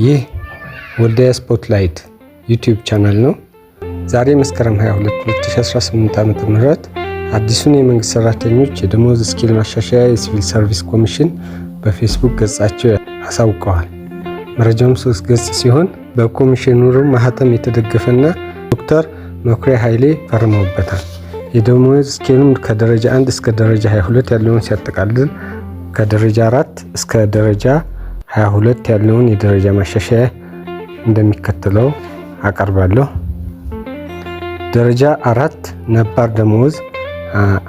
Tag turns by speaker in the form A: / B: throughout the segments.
A: ይህ ወልዲያ ስፖትላይት ዩቲዩብ ቻናል ነው። ዛሬ መስከረም 22 2018 ዓ ም አዲሱን የመንግሥት ሠራተኞች የደሞዝ ስኪል ማሻሻያ የሲቪል ሰርቪስ ኮሚሽን በፌስቡክ ገጻቸው አሳውቀዋል። መረጃውም ሶስት ገጽ ሲሆን በኮሚሽነሩ ማህተም የተደገፈና ዶክተር መኩሪያ ኃይሌ ፈርመውበታል። የደሞዝ ስኬሉም ከደረጃ 1 እስከ ደረጃ 22 ያለውን ሲያጠቃልል ከደረጃ 4 እስከ ደረጃ 22 ያለውን የደረጃ ማሻሻያ እንደሚከተለው አቀርባለሁ። ደረጃ አራት ነባር ደመወዝ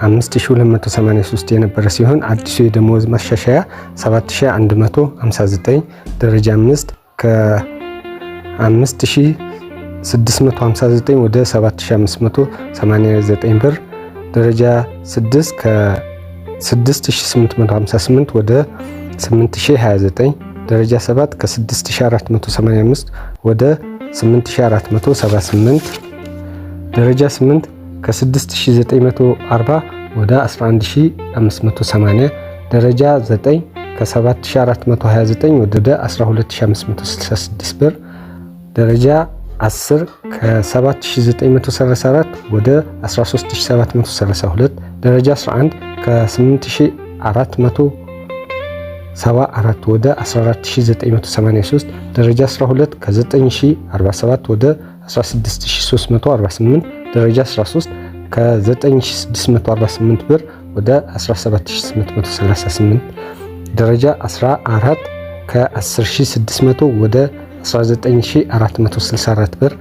A: 5283 የነበረ ሲሆን አዲሱ የደመወዝ ማሻሻያ 7159። ደረጃ 5 ከ5659 ወደ 7589 ብር። ደረጃ 6 ከ6858 ወደ 8029 ደረጃ 7 ከ6485 ወደ 8478፣ ደረጃ 8 ከ6940 ወደ 11580፣ ደረጃ 9 ከ7429 ወደ 12566 ብር፣ ደረጃ 10 ከ7934 ወደ 13732፣ ደረጃ 11 ከ8400 74 ወደ 14983 ደረጃ 12 ከ9047 ወደ 16348 ደረጃ 13 ከ9648 ብር ወደ 17838 ደረጃ 14 ከ10600 ወደ 19464 ብር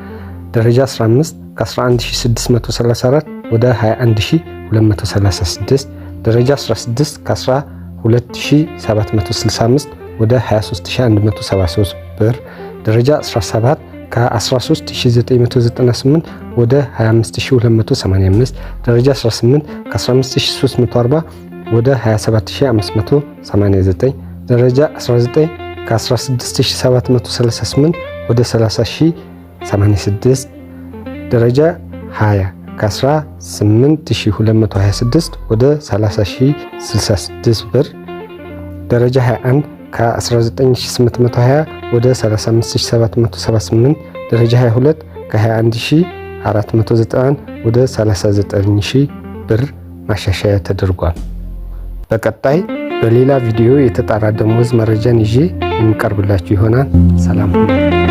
A: ደረጃ 15 ከ11634 ወደ 21236 ደረጃ 16 ከ 2765 ወደ 23173 ብር፣ ደረጃ 17 ከ13998 ወደ 25285፣ ደረጃ 18 ከ15340 ወደ 27589፣ ደረጃ 19 ከ16738 ወደ 30086 ደረጃ 20 ከ18226 ወደ 30066 ብር ደረጃ 21 ከ19820 ወደ 35778፣ ደረጃ 22 ከ21490 ወደ 39000 ብር ማሻሻያ ተደርጓል። በቀጣይ በሌላ ቪዲዮ የተጣራ ደሞዝ መረጃን ይዤ የሚቀርብላችሁ ይሆናል። ሰላም